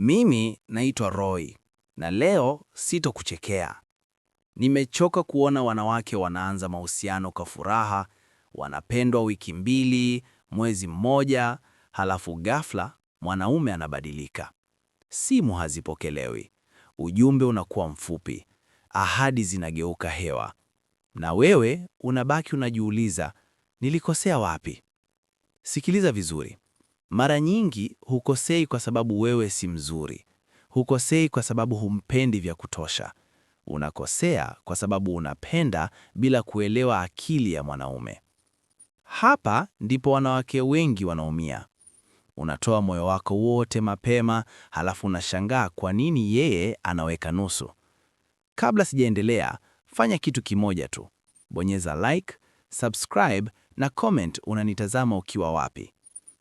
Mimi naitwa Roy na leo sitokuchekea. Nimechoka kuona wanawake wanaanza mahusiano kwa furaha, wanapendwa wiki mbili, mwezi mmoja, halafu ghafla mwanaume anabadilika. Simu hazipokelewi, ujumbe unakuwa mfupi, ahadi zinageuka hewa, na wewe unabaki unajiuliza, nilikosea wapi? Sikiliza vizuri. Mara nyingi hukosei kwa sababu wewe si mzuri, hukosei kwa sababu humpendi vya kutosha, unakosea kwa sababu unapenda bila kuelewa akili ya mwanaume. Hapa ndipo wanawake wengi wanaumia. Unatoa moyo wako wote mapema, halafu unashangaa kwa nini yeye anaweka nusu. Kabla sijaendelea, fanya kitu kimoja tu, bonyeza like, subscribe na comment unanitazama ukiwa wapi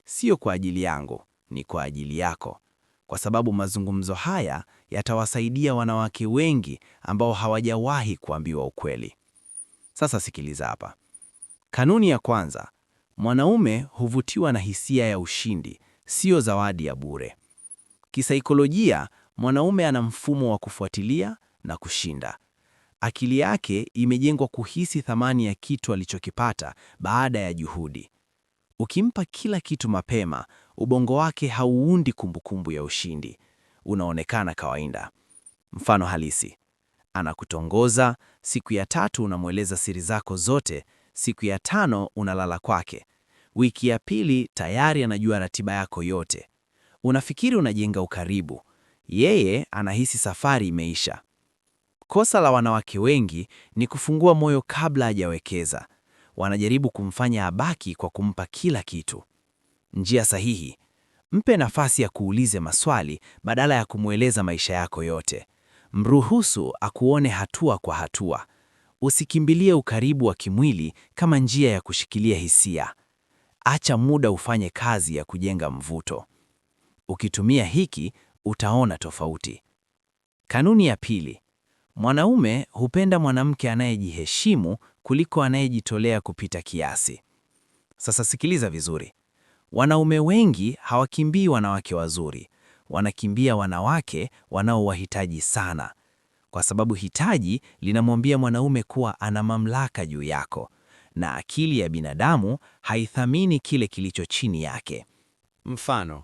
sio kwa ajili yangu, ni kwa ajili yako, kwa sababu mazungumzo haya yatawasaidia wanawake wengi ambao hawajawahi kuambiwa ukweli. Sasa sikiliza hapa. Kanuni ya kwanza, mwanaume huvutiwa na hisia ya ushindi, sio zawadi ya bure. Kisaikolojia, mwanaume ana mfumo wa kufuatilia na kushinda. Akili yake imejengwa kuhisi thamani ya kitu alichokipata baada ya juhudi. Ukimpa kila kitu mapema, ubongo wake hauundi kumbukumbu ya ushindi, unaonekana kawaida. Mfano halisi: anakutongoza siku ya tatu, unamweleza siri zako zote. Siku ya tano unalala kwake. Wiki ya pili tayari anajua ratiba yako yote. Unafikiri unajenga ukaribu, yeye anahisi safari imeisha. Kosa la wanawake wengi ni kufungua moyo kabla hajawekeza wanajaribu kumfanya abaki kwa kumpa kila kitu. Njia sahihi: mpe nafasi ya kuulize maswali badala ya kumweleza maisha yako yote. Mruhusu akuone hatua kwa hatua. Usikimbilie ukaribu wa kimwili kama njia ya kushikilia hisia. Acha muda ufanye kazi ya kujenga mvuto. Ukitumia hiki utaona tofauti. Kanuni ya pili: mwanaume hupenda mwanamke anayejiheshimu kuliko anayejitolea kupita kiasi. Sasa sikiliza vizuri. Wanaume wengi hawakimbii wanawake wazuri, wanakimbia wanawake wanaowahitaji sana, kwa sababu hitaji linamwambia mwanaume kuwa ana mamlaka juu yako, na akili ya binadamu haithamini kile kilicho chini yake. Mfano,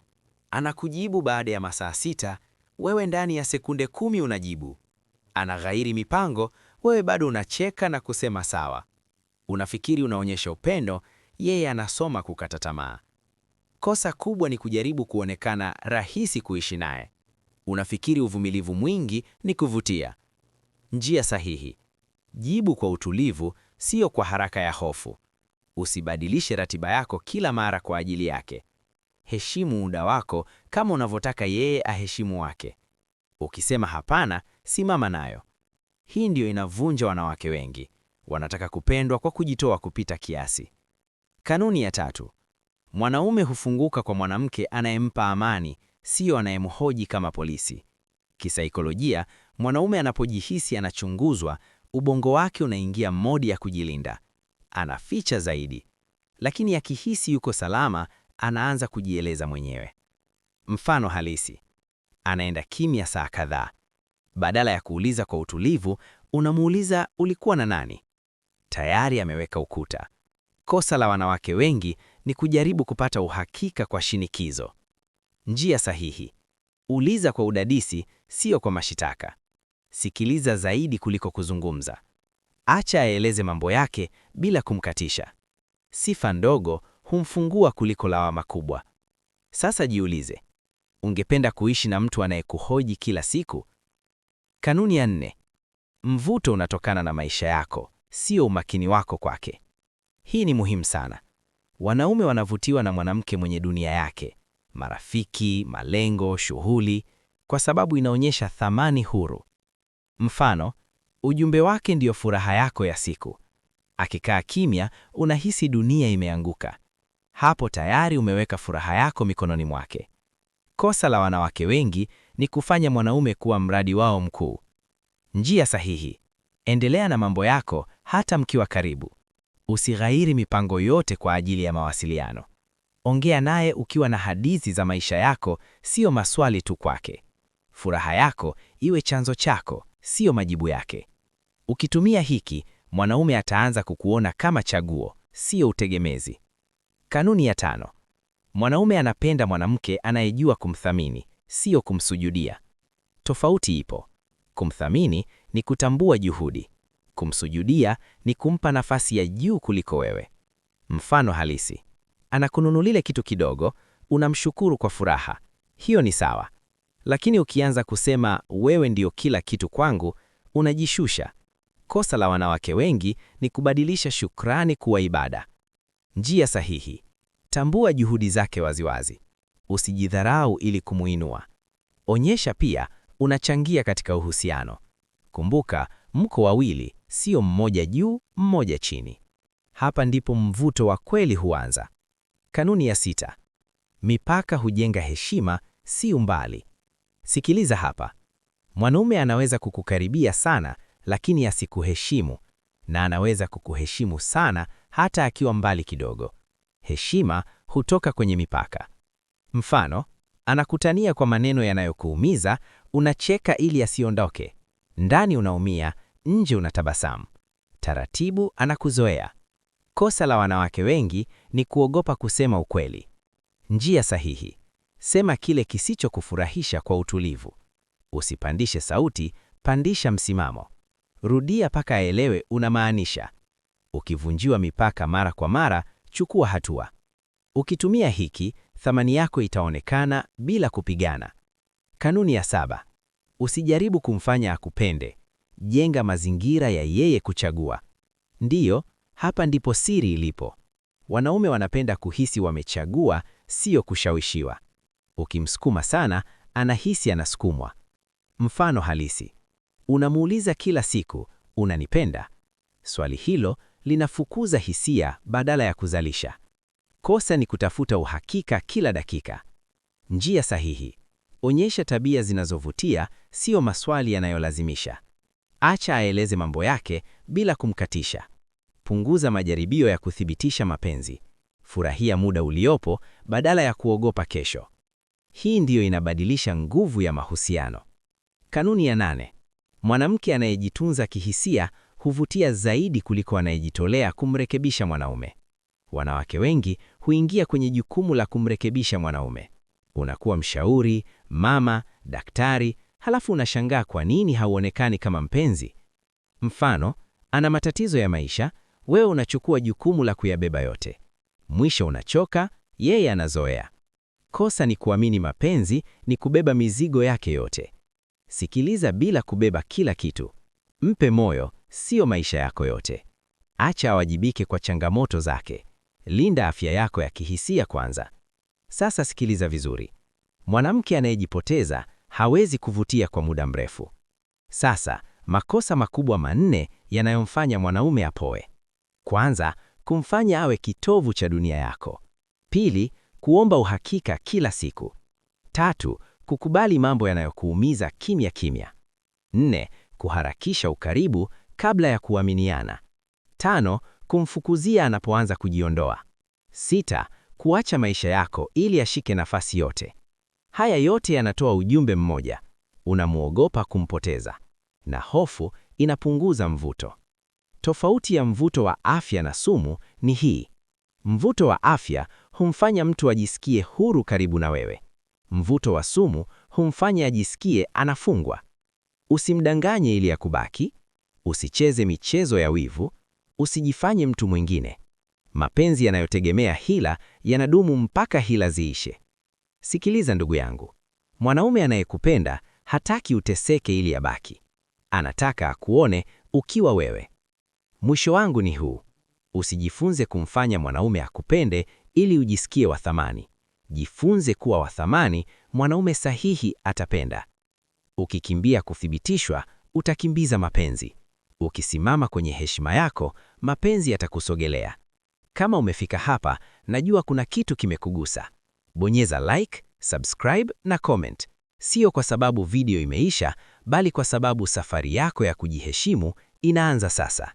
anakujibu baada ya masaa sita, wewe ndani ya sekunde kumi unajibu. Anaghairi mipango wewe bado unacheka na kusema sawa. Unafikiri unaonyesha upendo, yeye anasoma kukata tamaa. Kosa kubwa ni kujaribu kuonekana rahisi kuishi naye. Unafikiri uvumilivu mwingi ni kuvutia. Njia sahihi: jibu kwa utulivu, sio kwa haraka ya hofu. Usibadilishe ratiba yako kila mara kwa ajili yake. Heshimu muda wako kama unavyotaka yeye aheshimu wake. Ukisema hapana, simama nayo. Hii ndiyo inavunja wanawake wengi, wanataka kupendwa kwa kujitoa kupita kiasi. Kanuni ya tatu: mwanaume hufunguka kwa mwanamke anayempa amani, siyo anayemhoji kama polisi. Kisaikolojia, mwanaume anapojihisi anachunguzwa, ubongo wake unaingia modi ya kujilinda, anaficha zaidi, lakini akihisi yuko salama, anaanza kujieleza mwenyewe. Mfano halisi: anaenda kimya saa kadhaa, badala ya kuuliza kwa utulivu, unamuuliza ulikuwa na nani? Tayari ameweka ukuta. Kosa la wanawake wengi ni kujaribu kupata uhakika kwa shinikizo. Njia sahihi: uliza kwa udadisi, sio kwa mashitaka. Sikiliza zaidi kuliko kuzungumza. Acha aeleze mambo yake bila kumkatisha. Sifa ndogo humfungua kuliko lawama kubwa. Sasa jiulize, ungependa kuishi na mtu anayekuhoji kila siku Kanuni ya nne: mvuto unatokana na maisha yako, sio umakini wako kwake. Hii ni muhimu sana. Wanaume wanavutiwa na mwanamke mwenye dunia yake, marafiki, malengo, shughuli, kwa sababu inaonyesha thamani huru. Mfano, ujumbe wake ndiyo furaha yako ya siku. Akikaa kimya, unahisi dunia imeanguka. Hapo tayari umeweka furaha yako mikononi mwake. Kosa la wanawake wengi ni kufanya mwanaume kuwa mradi wao mkuu. Njia sahihi: endelea na mambo yako hata mkiwa karibu. Usighairi mipango yote kwa ajili ya mawasiliano. Ongea naye ukiwa na hadithi za maisha yako, siyo maswali tu kwake. Furaha yako iwe chanzo chako, siyo majibu yake. Ukitumia hiki, mwanaume ataanza kukuona kama chaguo, siyo utegemezi. Kanuni ya tano: mwanaume anapenda mwanamke anayejua kumthamini, sio kumsujudia. Tofauti ipo. Kumthamini ni kutambua juhudi. Kumsujudia ni kumpa nafasi ya juu kuliko wewe. Mfano halisi, anakununulile kitu kidogo, unamshukuru kwa furaha, hiyo ni sawa. Lakini ukianza kusema wewe ndio kila kitu kwangu, unajishusha. Kosa la wanawake wengi ni kubadilisha shukrani kuwa ibada. Njia sahihi: tambua juhudi zake waziwazi, Usijidharau ili kumuinua. Onyesha pia unachangia katika uhusiano. Kumbuka, mko wawili, sio mmoja juu, mmoja chini. Hapa ndipo mvuto wa kweli huanza. Kanuni ya sita. Mipaka hujenga heshima, si umbali. Sikiliza hapa. Mwanaume anaweza kukukaribia sana lakini asikuheshimu na anaweza kukuheshimu sana hata akiwa mbali kidogo. Heshima hutoka kwenye mipaka. Mfano, anakutania kwa maneno yanayokuumiza, unacheka ili asiondoke Ndani unaumia, nje unatabasamu. Taratibu anakuzoea. Kosa la wanawake wengi ni kuogopa kusema ukweli. Njia sahihi: sema kile kisichokufurahisha kwa utulivu. Usipandishe sauti, pandisha msimamo. Rudia mpaka aelewe unamaanisha. Ukivunjiwa mipaka mara kwa mara, chukua hatua. Ukitumia hiki thamani yako itaonekana bila kupigana. Kanuni ya saba: usijaribu kumfanya akupende, jenga mazingira ya yeye kuchagua. Ndiyo, hapa ndipo siri ilipo. Wanaume wanapenda kuhisi wamechagua, sio kushawishiwa. Ukimsukuma sana, anahisi anasukumwa. Mfano halisi: unamuuliza kila siku, unanipenda? Swali hilo linafukuza hisia badala ya kuzalisha. Kosa ni kutafuta uhakika kila dakika. Njia sahihi: onyesha tabia zinazovutia, sio maswali yanayolazimisha. Acha aeleze mambo yake bila kumkatisha. Punguza majaribio ya kuthibitisha mapenzi. Furahia muda uliopo badala ya kuogopa kesho. Hii ndiyo inabadilisha nguvu ya mahusiano. Kanuni ya nane: mwanamke anayejitunza kihisia huvutia zaidi kuliko anayejitolea kumrekebisha mwanaume. Wanawake wengi huingia kwenye jukumu la kumrekebisha mwanaume. Unakuwa mshauri, mama, daktari, halafu unashangaa kwa nini hauonekani kama mpenzi. Mfano, ana matatizo ya maisha, wewe unachukua jukumu la kuyabeba yote. Mwisho unachoka, yeye anazoea. Kosa ni kuamini mapenzi ni kubeba mizigo yake yote. Sikiliza bila kubeba kila kitu. Mpe moyo, sio maisha yako yote. Acha awajibike kwa changamoto zake linda afya yako ya kihisia kwanza. Sasa sikiliza vizuri. Mwanamke anayejipoteza hawezi kuvutia kwa muda mrefu. Sasa makosa makubwa manne yanayomfanya mwanaume apoe. Kwanza, kumfanya awe kitovu cha dunia yako. Pili, kuomba uhakika kila siku. Tatu, kukubali mambo yanayokuumiza kimya kimya. Nne, kuharakisha ukaribu kabla ya kuaminiana. Tano, kumfukuzia anapoanza kujiondoa. Sita, kuacha maisha yako ili ashike nafasi yote. Haya yote yanatoa ujumbe mmoja: unamwogopa kumpoteza, na hofu inapunguza mvuto. Tofauti ya mvuto wa afya na sumu ni hii: mvuto wa afya humfanya mtu ajisikie huru karibu na wewe. Mvuto wa sumu humfanya ajisikie anafungwa. Usimdanganye ili akubaki, usicheze michezo ya wivu, usijifanye mtu mwingine. Mapenzi yanayotegemea hila yanadumu mpaka hila ziishe. Sikiliza ndugu yangu, mwanaume anayekupenda hataki uteseke ili abaki, anataka akuone ukiwa wewe. Mwisho wangu ni huu, usijifunze kumfanya mwanaume akupende ili ujisikie wa thamani. Jifunze kuwa wa thamani, mwanaume sahihi atapenda. Ukikimbia kuthibitishwa, utakimbiza mapenzi. Ukisimama kwenye heshima yako, mapenzi yatakusogelea. Kama umefika hapa, najua kuna kitu kimekugusa. Bonyeza like, subscribe na comment. Sio kwa sababu video imeisha, bali kwa sababu safari yako ya kujiheshimu inaanza sasa.